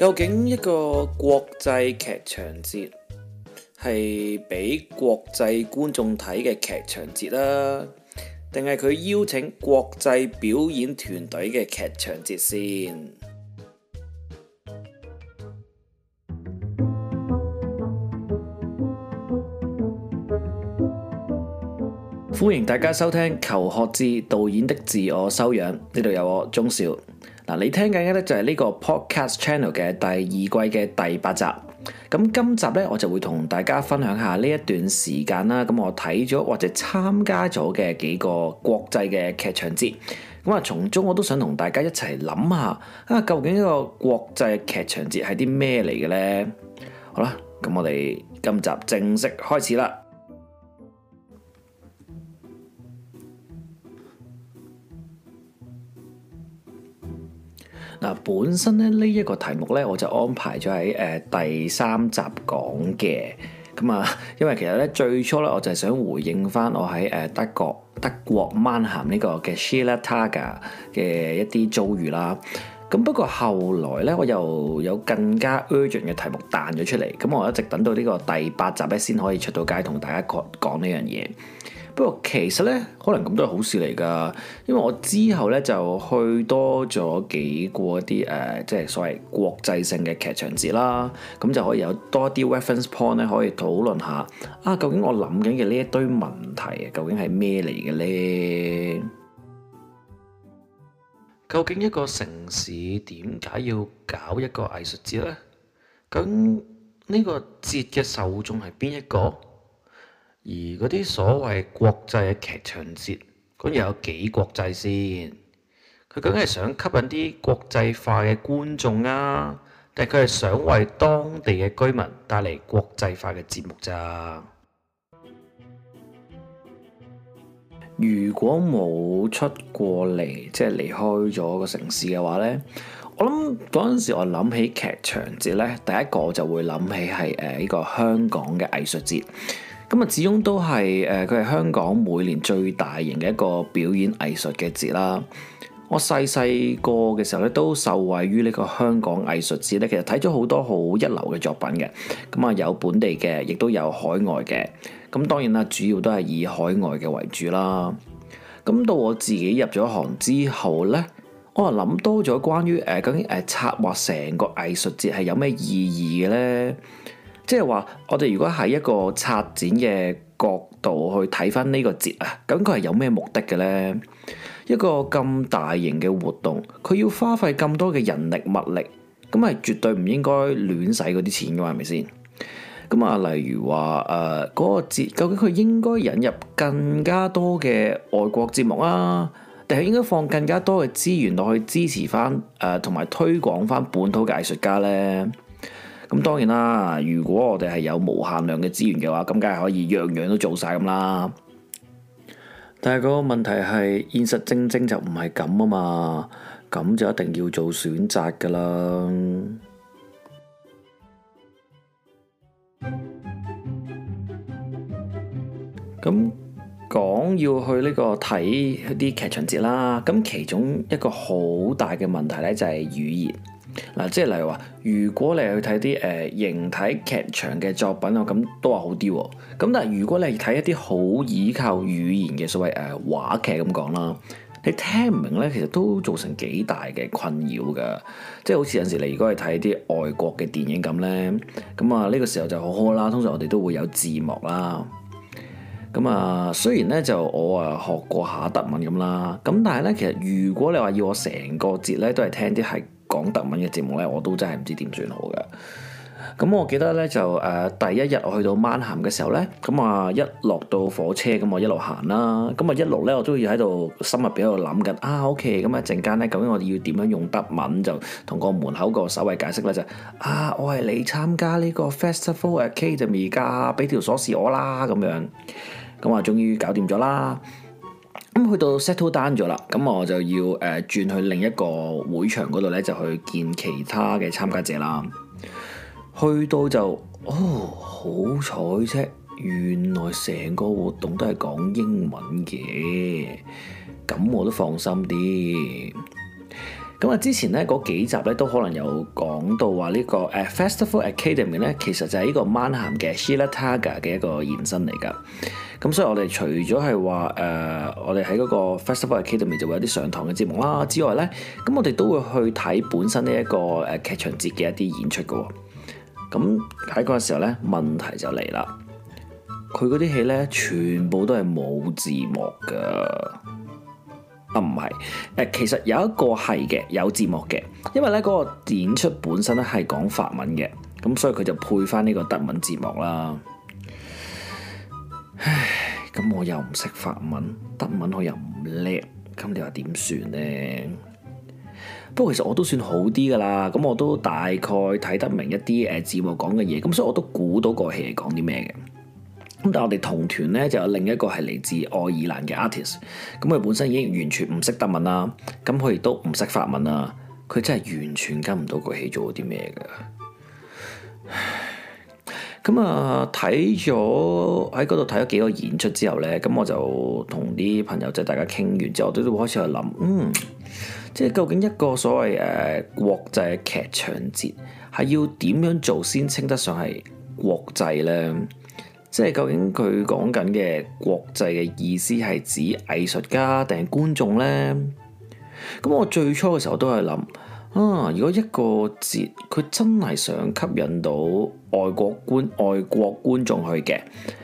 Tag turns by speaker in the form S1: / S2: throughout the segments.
S1: 究竟一個國際劇場節係俾國際觀眾睇嘅劇場節啦，定係佢邀請國際表演團隊嘅劇場節先？歡迎大家收聽《求學志導演的自我修養》，呢度有我鍾少。嗱，你聽緊嘅咧就係呢個 Podcast Channel 嘅第二季嘅第八集。咁今集咧，我就會同大家分享下呢一段時間啦。咁我睇咗或者參加咗嘅幾個國際嘅劇場節，咁啊，從中我都想同大家一齊諗下啊，究竟呢個國際劇場節係啲咩嚟嘅咧？好啦，咁我哋今集正式開始啦。嗱，本身咧呢一、這個題目咧，我就安排咗喺誒第三集講嘅，咁、嗯、啊，因為其實咧最初咧，我就係想回應返我喺誒、呃、德國德國曼咸呢、這個嘅 Schillertage 嘅一啲遭遇啦，咁、嗯、不過後來咧我又有更加 urgent 嘅題目彈咗出嚟，咁、嗯、我一直等到呢個第八集咧先可以出到街同大家講講呢樣嘢。不過其實咧，可能咁都係好事嚟㗎，因為我之後咧就去多咗幾個啲誒、呃，即係所謂國際性嘅劇場節啦，咁就可以有多啲 reference point 咧，可以討論下啊，究竟我諗緊嘅呢一堆問題究竟係咩嚟嘅咧？究竟一個城市點解要搞一個藝術節咧？咁呢個節嘅受眾係邊一個？嗯而嗰啲所謂國際嘅劇場節，咁又有幾國際先？佢梗係想吸引啲國際化嘅觀眾啊，定係佢係想為當地嘅居民帶嚟國際化嘅節目咋？如果冇出過嚟，即係離開咗個城市嘅話呢，我諗嗰陣時我諗起劇場節呢，第一個就會諗起係誒呢個香港嘅藝術節。咁啊，始終都係誒，佢、呃、係香港每年最大型嘅一個表演藝術嘅節啦。我細細個嘅時候咧，都受惠於呢個香港藝術節咧，其實睇咗好多好一流嘅作品嘅。咁、嗯、啊，有本地嘅，亦都有海外嘅。咁、嗯、當然啦，主要都係以海外嘅為主啦。咁、嗯、到我自己入咗行之後咧，我啊諗多咗關於誒、呃，究竟誒、呃、策劃成個藝術節係有咩意義嘅咧？即係話，我哋如果喺一個策展嘅角度去睇翻呢個節啊，咁佢係有咩目的嘅咧？一個咁大型嘅活動，佢要花費咁多嘅人力物力，咁係絕對唔應該亂使嗰啲錢嘅嘛，係咪先？咁、嗯、啊，例如話誒，嗰、呃嗰個節究竟佢應該引入更加多嘅外國節目啊，定係應該放更加多嘅資源落去支持翻誒，同、呃、埋推廣翻本土嘅藝術家咧？咁當然啦，如果我哋係有無限量嘅資源嘅話，咁梗係可以樣樣都做晒咁啦。但係嗰個問題係現實正正就唔係咁啊嘛，咁就一定要做選擇噶啦。咁 講要去呢、呢個睇啲劇場節啦，咁其中一個好大嘅問題呢，就係、係、語言。嗱，即係例如話，如果你去睇啲誒形體劇場嘅作品我啊，咁都係好啲。咁但係如果你睇一啲好倚靠語言嘅所謂誒、呃、話劇咁講啦，你聽唔明咧，其實都造成幾大嘅困擾噶。即係好似有陣時你如果去睇啲外國嘅電影咁咧，咁啊呢個時候就好好啦。通常我哋都會有字幕啦。咁啊，雖然咧就我啊學過下德文咁啦，咁但係咧其實如果你話要我成個節咧都係聽啲係。講德文嘅節目咧，我都真係唔知點算好嘅。咁我記得咧就誒、呃、第一日我去到曼咸嘅時候咧，咁啊一落到火車咁，我一路行啦。咁啊一路咧，我都要喺度心入邊喺度諗緊啊。O.K. 咁啊一陣間咧，究竟我哋要點樣用德文就同個門口個守衞解釋咧就啊，我係嚟參加呢個 Festival Academy 㗎俾條鎖匙我啦咁樣。咁啊，終於搞掂咗啦。咁去到 settle down 咗啦，咁我就要誒、呃、轉去另一個會場嗰度咧，就去見其他嘅參加者啦。去到就，哦，好彩啫，原來成個活動都係講英文嘅，咁我都放心啲。咁啊，之前咧嗰幾集咧都可能有講到話呢、這個誒、uh，Festival Academy 咧，其實就係呢個曼咸、ah、嘅 Shirataka 嘅一個延伸嚟噶。咁所以我哋除咗係話誒，我哋喺嗰個 Festival Academy 就會有啲上堂嘅節目啦，之外咧，咁我哋都會去睇本身呢一個誒劇場節嘅一啲演出噶。咁喺嗰陣時候咧，問題就嚟啦，佢嗰啲戲咧全部都係冇字幕噶。啊，唔係，誒，其實有一個係嘅，有字幕嘅，因為咧嗰個演出本身咧係講法文嘅，咁所以佢就配翻呢個德文字幕啦。唉，咁我又唔識法文，德文我又唔叻，咁你話點算呢？不過其實我都算好啲噶啦，咁我都大概睇得明一啲誒，字幕講嘅嘢，咁所以我都估到個戲係講啲咩嘅。咁但係我哋同團咧就有另一個係嚟自愛爾蘭嘅 artist，咁佢本身已經完全唔識德文啦，咁佢亦都唔識法文啦，佢真係完全跟唔到個戲做啲咩嘅。咁啊，睇咗喺嗰度睇咗幾個演出之後咧，咁我就同啲朋友，即係大家傾完之後，都開始去諗，嗯，即係究竟一個所謂誒、啊、國際劇場節係要點樣做先稱得上係國際咧？即係究竟佢講緊嘅國際嘅意思係指藝術家定係觀眾呢？咁我最初嘅時候都係諗啊，如果一個節佢真係想吸引到外國觀外國觀眾去嘅，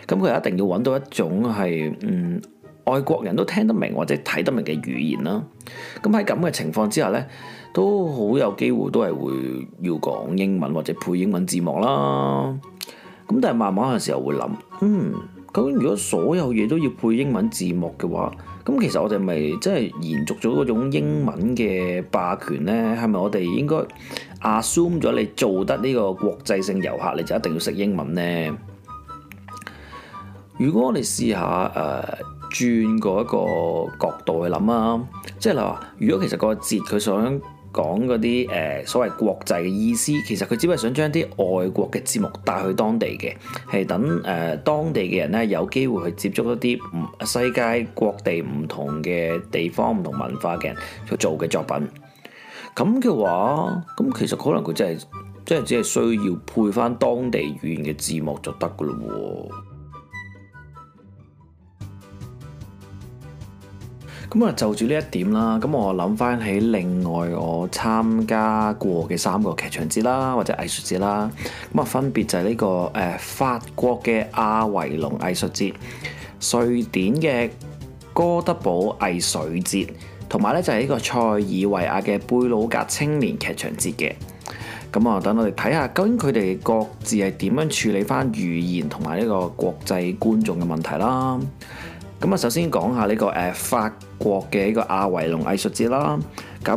S1: 咁佢一定要揾到一種係嗯外國人都聽得明或者睇得明嘅語言啦。咁喺咁嘅情況之下呢，都好有機會都係會要講英文或者配英文字幕啦。咁但係慢慢有時候會諗，嗯，究竟如果所有嘢都要配英文字幕嘅話，咁其實我哋咪即係延續咗嗰種英文嘅霸權呢？係咪我哋應該 assume 咗你做得呢個國際性遊客，你就一定要識英文呢？如果我哋試下誒、呃、轉過一個角度去諗啊，即係例如話，如果其實個節佢想講嗰啲誒所謂國際嘅意思，其實佢只係想將啲外國嘅字幕帶去當地嘅，係等誒當地嘅人咧有機會去接觸一啲世界各地唔同嘅地方、唔同文化嘅人去做嘅作品。咁嘅話，咁其實可能佢真係即係只係需要配返當地語言嘅字幕就得㗎喇喎。咁啊，就住呢一點啦，咁我諗翻起另外我參加過嘅三個劇場節啦，或者藝術節啦，咁啊分別就係呢、這個誒、呃、法國嘅阿維隆藝術節、瑞典嘅哥德堡藝術節，同埋呢就係、是、呢個塞爾維亞嘅貝魯格青年劇場節嘅。咁、嗯、啊，等我哋睇下究竟佢哋各自係點樣處理翻語言同埋呢個國際觀眾嘅問題啦。咁、嗯、啊，首先講下呢、這個誒、呃、法國嘅呢個亞維隆藝術節啦，咁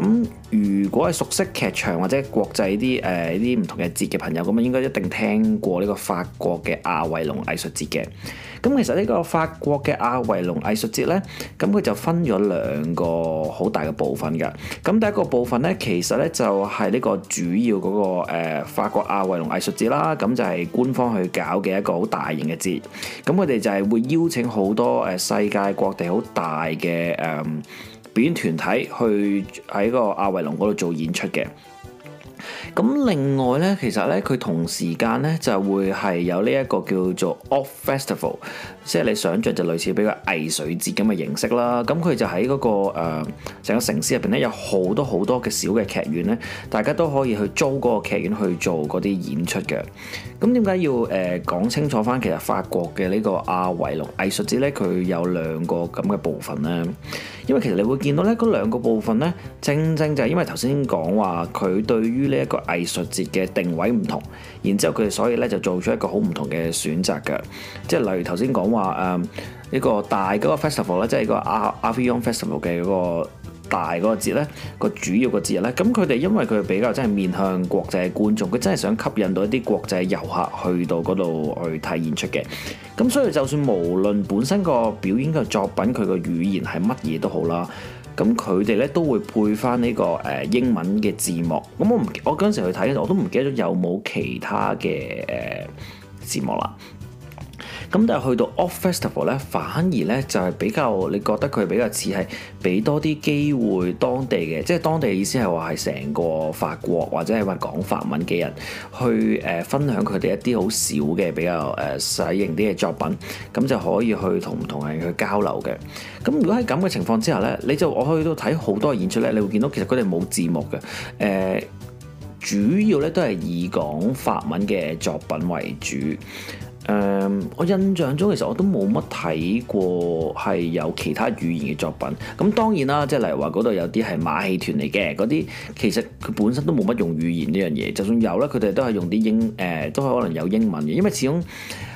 S1: 如果係熟悉劇場或者國際啲誒啲唔同嘅節嘅朋友，咁啊應該一定聽過呢個法國嘅亞維隆藝術節嘅。咁其實呢個法國嘅亞維隆藝術節呢，咁佢就分咗兩個好大嘅部分㗎。咁第一個部分呢，其實呢就係呢個主要嗰個誒法國亞維隆藝術節啦，咁就係官方去搞嘅一個好大型嘅節。咁佢哋就係會邀請好多誒世界各地好大嘅誒、嗯、表演團體去喺個亞維隆嗰度做演出嘅，咁另外呢，其實呢，佢同時間呢就會係有呢一個叫做 Off Festival。即係你想象就類似比較藝術節咁嘅形式啦，咁佢就喺嗰、那個誒成、呃、個城市入邊咧，有好多好多嘅小嘅劇院咧，大家都可以去租個劇院去做嗰啲演出嘅。咁點解要誒講、呃、清楚翻？其實法國嘅呢個阿維農藝術節咧，佢有兩個咁嘅部分咧，因為其實你會見到咧嗰兩個部分咧，正正就係因為頭先講話佢對於呢一個藝術節嘅定位唔同，然之後佢哋所以咧就做出一個好唔同嘅選擇嘅，即係例如頭先講話。話誒呢個大嗰個，festival，個 festival 咧，即係個 Avignon festival 嘅嗰個大嗰個節咧，個主要個節日咧，咁佢哋因為佢比較真係面向國際嘅觀眾，佢真係想吸引到一啲國際遊客去到嗰度去睇演出嘅。咁所以就算無論本身個表演嘅作品佢個語言係乜嘢都好啦，咁佢哋咧都會配翻呢、呢個誒、呃、英文嘅字幕。咁我唔，我嗰陣時候去睇咧，我都唔記得咗有冇其他嘅誒、呃、字幕啦。咁、嗯、但係去到 Off Festival 咧，反而咧就係、是、比較你覺得佢比較似係俾多啲機會當地嘅，即係當地嘅意思係話係成個法國或者係話講法文嘅人去誒、呃、分享佢哋一啲好少嘅比較誒、呃、細型啲嘅作品，咁就可以去同唔同人去交流嘅。咁、嗯、如果喺咁嘅情況之下咧，你就我去到睇好多演出咧，你會見到其實佢哋冇字幕嘅，誒、呃、主要咧都係以講法文嘅作品為主。誒，um, 我印象中其實我都冇乜睇過係有其他語言嘅作品。咁當然啦，即係例如話嗰度有啲係馬戲團嚟嘅嗰啲，其實佢本身都冇乜用語言呢樣嘢。就算有咧，佢哋都係用啲英誒、呃，都係可能有英文嘅。因為始終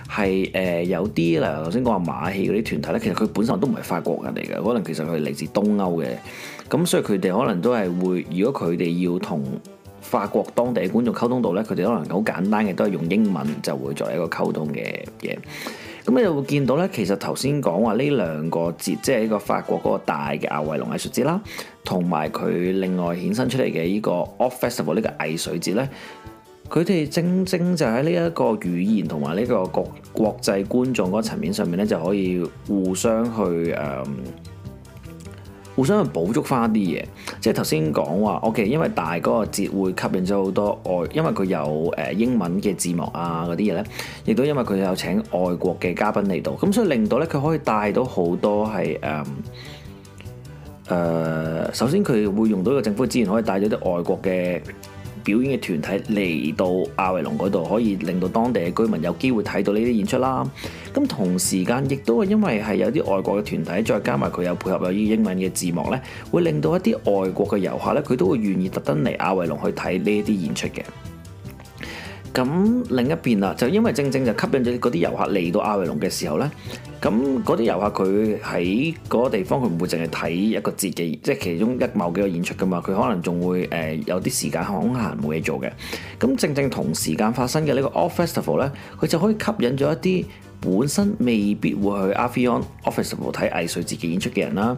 S1: 係誒、呃、有啲啦，例如頭先講話馬戲嗰啲團體咧，其實佢本身都唔係法國人嚟嘅，可能其實佢嚟自東歐嘅。咁所以佢哋可能都係會，如果佢哋要同法國當地嘅觀眾溝通到呢，佢哋可能好簡單嘅都係用英文就會作為一個溝通嘅嘢。咁你又會見到呢，其實頭先講話呢兩個節，即係呢個法國嗰個大嘅阿維隆藝術節啦，同埋佢另外衍生出嚟嘅呢個 Off Festival 呢個藝術節呢，佢哋正正就喺呢一個語言同埋呢個國國際觀眾嗰層面上面呢，就可以互相去誒。嗯互相去補足翻啲嘢，即係頭先講話，OK，因為大嗰個節會吸引咗好多外，因為佢有誒、呃、英文嘅字幕啊嗰啲嘢咧，亦都因為佢有請外國嘅嘉賓嚟到，咁所以令到咧佢可以帶到好多係誒誒，首先佢會用到一個政府資源，可以帶到啲外國嘅。表演嘅團體嚟到亞維隆嗰度，可以令到當地嘅居民有機會睇到呢啲演出啦。咁同時間亦都係因為係有啲外國嘅團體，再加埋佢有配合有啲英文嘅字幕咧，會令到一啲外國嘅遊客咧，佢都會願意特登嚟亞維隆去睇呢啲演出嘅。咁另一邊啦，就因為正正就吸引咗嗰啲遊客嚟到阿維隆嘅時候呢。咁嗰啲遊客佢喺嗰個地方佢唔會淨係睇一個節目，即係其中一某幾個演出嘅嘛，佢可能仲會誒、呃、有啲時間空閒冇嘢做嘅。咁正正同時間發生嘅呢個 Off Festival 呢，佢就可以吸引咗一啲本身未必會去 Avignon Off Festival 睇藝術節目演出嘅人啦，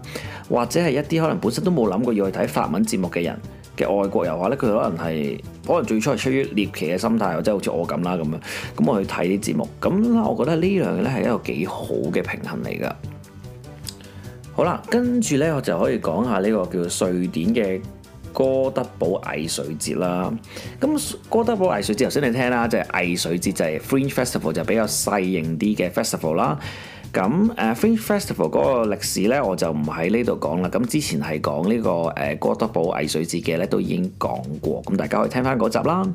S1: 或者係一啲可能本身都冇諗過要去睇法文節目嘅人，嘅外國人話咧，佢可能係可能最初係出於獵奇嘅心態，或者好似我咁啦咁樣，咁我去睇啲節目，咁我覺得呢兩樣嘢咧係一個幾好嘅平衡嚟噶。好啦，跟住咧我就可以講下呢個叫瑞典嘅哥德堡藝術節啦。咁哥德堡藝術節頭先你聽，就係藝術節就係 festival，啦，就係藝術節，就係 Fringe Festival，就比較細型啲嘅 Festival 啦。咁誒 Fringe Festival 嗰個歷史咧，我就唔喺呢度講啦。咁之前係講呢個誒、呃，哥德堡偽水節嘅咧，都已經講過。咁大家可以聽翻嗰集啦。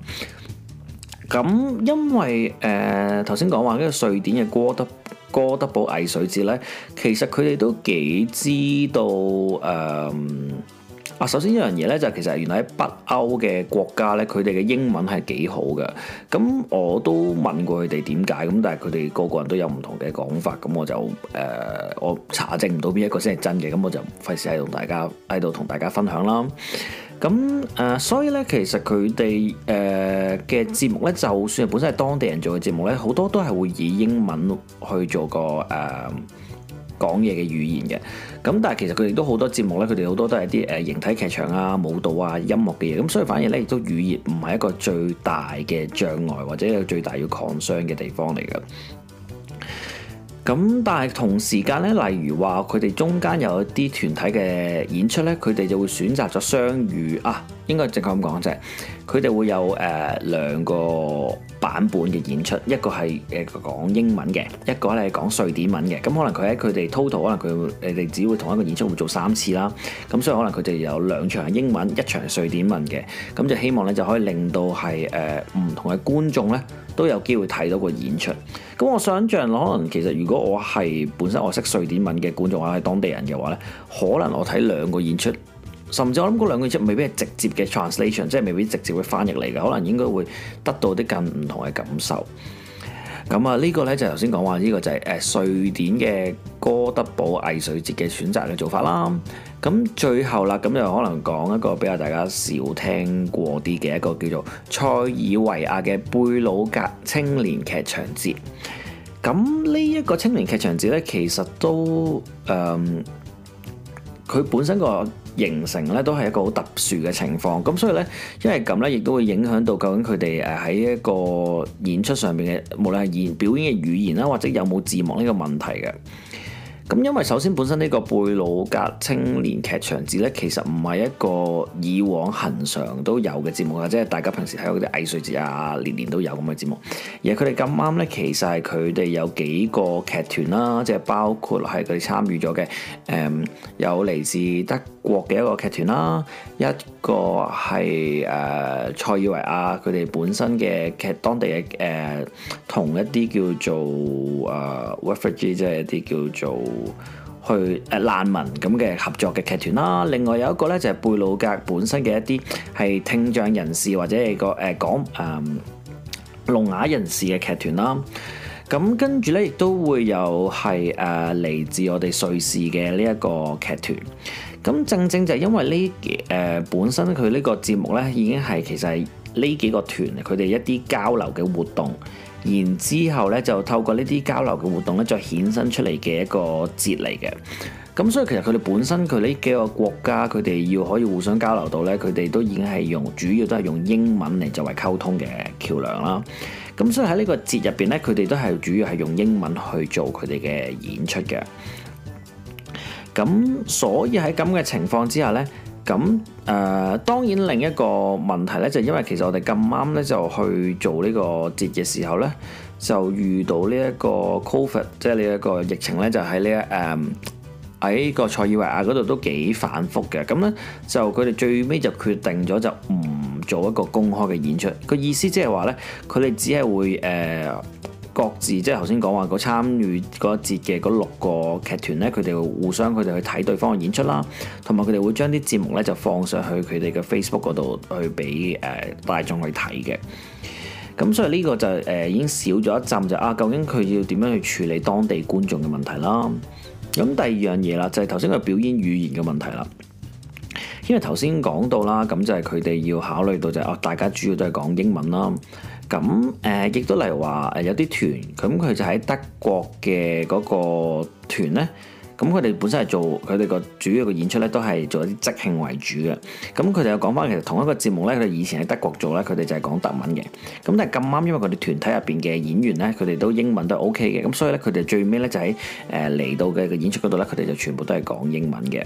S1: 咁因為誒，頭先講話呢個瑞典嘅哥德哥德堡偽水節咧，其實佢哋都幾知道誒。呃啊，首先一樣嘢咧，就係其實原來喺北歐嘅國家咧，佢哋嘅英文係幾好嘅。咁我都問過佢哋點解，咁但係佢哋個個人都有唔同嘅講法。咁我就誒、呃，我查證唔到邊一個先係真嘅。咁我就費事喺度同大家喺度同大家分享啦。咁誒、呃，所以咧，其實佢哋誒嘅節目咧，就算係本身係當地人做嘅節目咧，好多都係會以英文去做個誒、呃、講嘢嘅語言嘅。咁但係其實佢哋都好多節目咧，佢哋好多都係啲誒形體劇場啊、舞蹈啊、音樂嘅嘢，咁所以反而咧亦都語言唔係一個最大嘅障礙，或者一個最大要 concern 嘅地方嚟嘅。咁但係同時間咧，例如話佢哋中間有一啲團體嘅演出咧，佢哋就會選擇咗雙語啊。應該正確咁講啫，佢哋會有誒、呃、兩個版本嘅演出，一個係誒講英文嘅，一個咧係講瑞典文嘅。咁可能佢喺佢哋 total，可能佢你哋只會同一個演出會做三次啦。咁所以可能佢哋有兩場英文，一場係瑞典文嘅。咁就希望咧就可以令到係誒唔同嘅觀眾咧都有機會睇到個演出。咁我想像可能其實如果我係本身我識瑞典文嘅觀眾，我係當地人嘅話咧，可能我睇兩個演出。甚至我諗嗰兩個未必係直接嘅 translation，即係未必直接會翻譯嚟嘅，可能應該會得到啲更唔同嘅感受。咁啊，呢、這個呢，就頭先講話呢個就係、是、誒、呃、瑞典嘅哥德堡藝術節嘅選擇嘅做法啦。咁最後啦，咁就可能講一個比較大家少聽過啲嘅一個叫做塞爾維亞嘅貝魯格青年劇場節。咁呢一個青年劇場節呢，其實都誒，佢、嗯、本身個。形成呢都係一個好特殊嘅情況，咁所以呢，因為咁呢亦都會影響到究竟佢哋誒喺一個演出上面嘅，無論係演表演嘅語言啦，或者有冇字幕呢個問題嘅。咁因為首先本身呢個貝魯格青年劇場節呢，其實唔係一個以往恒常都有嘅節目啊，即係大家平時睇嗰啲藝穗節啊，年年都有咁嘅節目。而佢哋咁啱呢，其實係佢哋有幾個劇團啦，即係包括係佢哋參與咗嘅，誒、嗯、有嚟自德。國嘅一個劇團啦，一個係誒塞爾維亞佢哋本身嘅劇當地嘅誒、呃、同一啲叫做啊 refugee、呃、即係一啲叫做去誒、呃、難民咁嘅合作嘅劇團啦。另外有一個咧就係、是、貝魯格本身嘅一啲係聽障人士或者係個誒、呃、講誒聾啞人士嘅劇團啦。咁、啊、跟住咧亦都會有係誒嚟自我哋瑞士嘅呢一個劇團。咁正正就係因為呢幾、呃、本身佢呢個節目咧，已經係其實係呢幾個團佢哋一啲交流嘅活動，然之後咧就透過呢啲交流嘅活動咧，再衍生出嚟嘅一個節嚟嘅。咁所以其實佢哋本身佢呢幾個國家佢哋要可以互相交流到咧，佢哋都已經係用主要都係用英文嚟作為溝通嘅橋梁啦。咁所以喺呢個節入邊咧，佢哋都係主要係用英文去做佢哋嘅演出嘅。咁所以喺咁嘅情況之下咧，咁誒當然另一個問題咧就因為其實我哋咁啱咧就去做呢個節嘅時候咧，就遇到呢一個 COVID，即係呢一個疫情咧就喺呢一誒喺個塞爾維亞嗰度都幾反覆嘅，咁咧就佢哋最尾就決定咗就唔做一個公開嘅演出，個意思即係話咧佢哋只係會誒，各自即係頭先講話個參與嗰節嘅嗰六個劇團咧，佢哋會互相佢哋去睇對方嘅演出啦，同埋佢哋會將啲節目咧就放上去佢哋嘅 Facebook 嗰度去俾誒大眾去睇嘅。咁所以呢個就誒、呃、已經少咗一陣就是、啊，究竟佢要點樣去處理當地觀眾嘅問題啦？咁第二樣嘢啦就係頭先個表演語言嘅問題啦，因為頭先講到啦，咁就係佢哋要考慮到就係、是、哦、啊，大家主要都係講英文啦。咁誒，亦都例如話，誒，有啲團，咁，佢就喺德國嘅嗰個團咧。咁佢哋本身係做佢哋個主要個演出咧，都係做一啲即興為主嘅。咁佢哋又講翻，其實同一個節目咧，佢哋以前喺德國做咧，佢哋就係講德文嘅。咁但係咁啱，因為佢哋團體入邊嘅演員咧，佢哋都英文都係 OK 嘅。咁所以咧，佢哋最尾咧就喺誒嚟到嘅演出嗰度咧，佢哋就全部都係講英文嘅。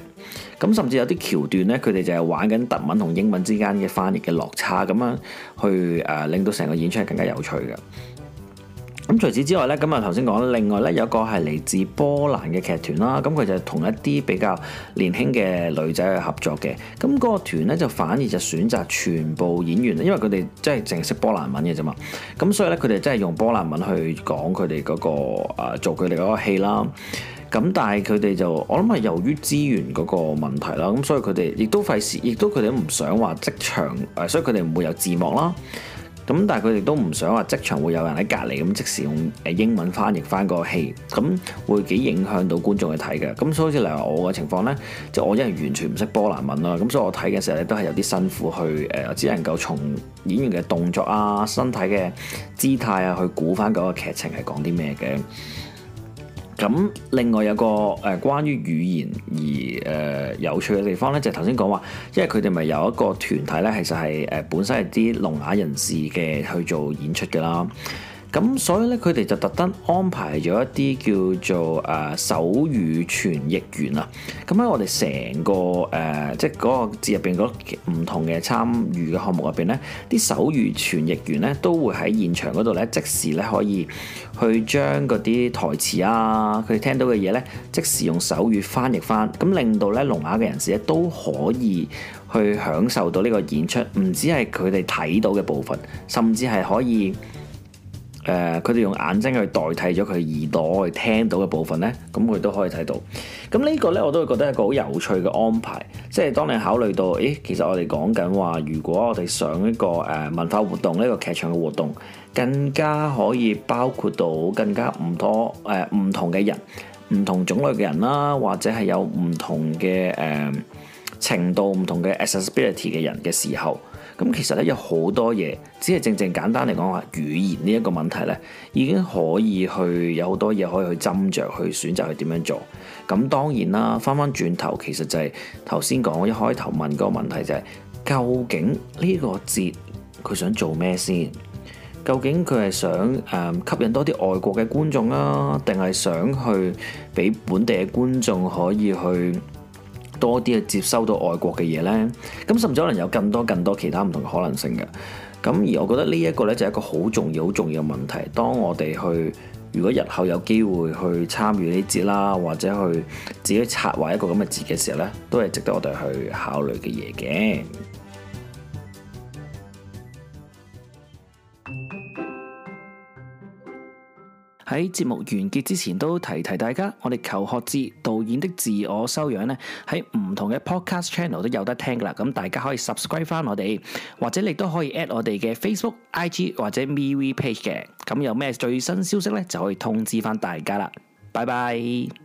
S1: 咁甚至有啲橋段咧，佢哋就係玩緊德文同英文之間嘅翻譯嘅落差，咁樣去誒令到成個演出係更加有趣嘅。咁除此之外咧，咁啊頭先講，另外咧有個係嚟自波蘭嘅劇團啦，咁佢就同一啲比較年輕嘅女仔去合作嘅。咁、那、嗰個團咧就反而就選擇全部演員，因為佢哋即係淨係識波蘭文嘅啫嘛。咁所以咧佢哋真係用波蘭文去講佢哋嗰個、呃、做佢哋嗰個戲啦。咁但係佢哋就我諗係由於資源嗰個問題啦，咁所以佢哋亦都費事，亦都佢哋唔想話即場，誒所以佢哋唔會有字幕啦。咁但係佢哋都唔想話即場會有人喺隔離咁即時用誒英文翻譯翻個戲，咁會幾影響到觀眾去睇嘅。咁所以好似嚟話我嘅情況呢，就我一人完全唔識波蘭文啦，咁所以我睇嘅時候咧都係有啲辛苦去誒、呃，只能夠從演員嘅動作啊、身體嘅姿態啊去估翻嗰個劇情係講啲咩嘅。咁另外有個誒關於語言而誒有趣嘅地方咧，就係頭先講話，因為佢哋咪有一個團體咧，其實係誒本身係啲聾啞人士嘅去做演出嘅啦。咁所以咧，佢哋就特登安排咗一啲叫做誒、呃、手語傳譯員啊。咁喺我哋成個誒、呃，即係嗰個節入邊嗰唔同嘅參與嘅項目入邊咧，啲手語傳譯員咧都會喺現場嗰度咧，即時咧可以去將嗰啲台詞啊，佢聽到嘅嘢咧，即時用手語翻譯返，咁令到咧聾啞嘅人士咧都可以去享受到呢個演出，唔止係佢哋睇到嘅部分，甚至係可以。誒，佢哋用眼睛去代替咗佢耳朵去聽到嘅部分呢，咁佢都可以睇到。咁呢個呢，我都會覺得係一個好有趣嘅安排。即係當你考慮到，咦，其實我哋講緊話，如果我哋上一個誒文化活動，呢個劇場嘅活動更加可以包括到更加唔多誒唔同嘅人，唔同種類嘅人啦，或者係有唔同嘅誒程度唔同嘅 accessibility 嘅人嘅時候。咁其實咧有好多嘢，只係正正簡單嚟講話語言呢一個問題咧，已經可以去有好多嘢可以去斟酌去選擇去點樣做。咁當然啦，翻翻轉頭其實就係頭先講一開頭問個問題就係、是，究竟呢個節佢想做咩先？究竟佢係想誒、嗯、吸引多啲外國嘅觀眾啊，定係想去俾本地嘅觀眾可以去多啲去接收到外國嘅嘢咧，咁甚至可能有更多更多其他唔同嘅可能性嘅。咁而我覺得呢一個咧就係一個好重要好重要嘅問題。當我哋去如果日後有機會去參與呢節啦，或者去自己策劃一個咁嘅節嘅時候咧，都係值得我哋去考慮嘅嘢嘅。喺節目完結之前都提提大家，我哋求學之導演的自我修養咧，喺唔同嘅 podcast channel 都有得聽噶啦。咁大家可以 subscribe 翻我哋，或者你都可以 at 我哋嘅 Facebook、IG 或者 m v Page 嘅。咁有咩最新消息咧，就可以通知翻大家啦。拜拜。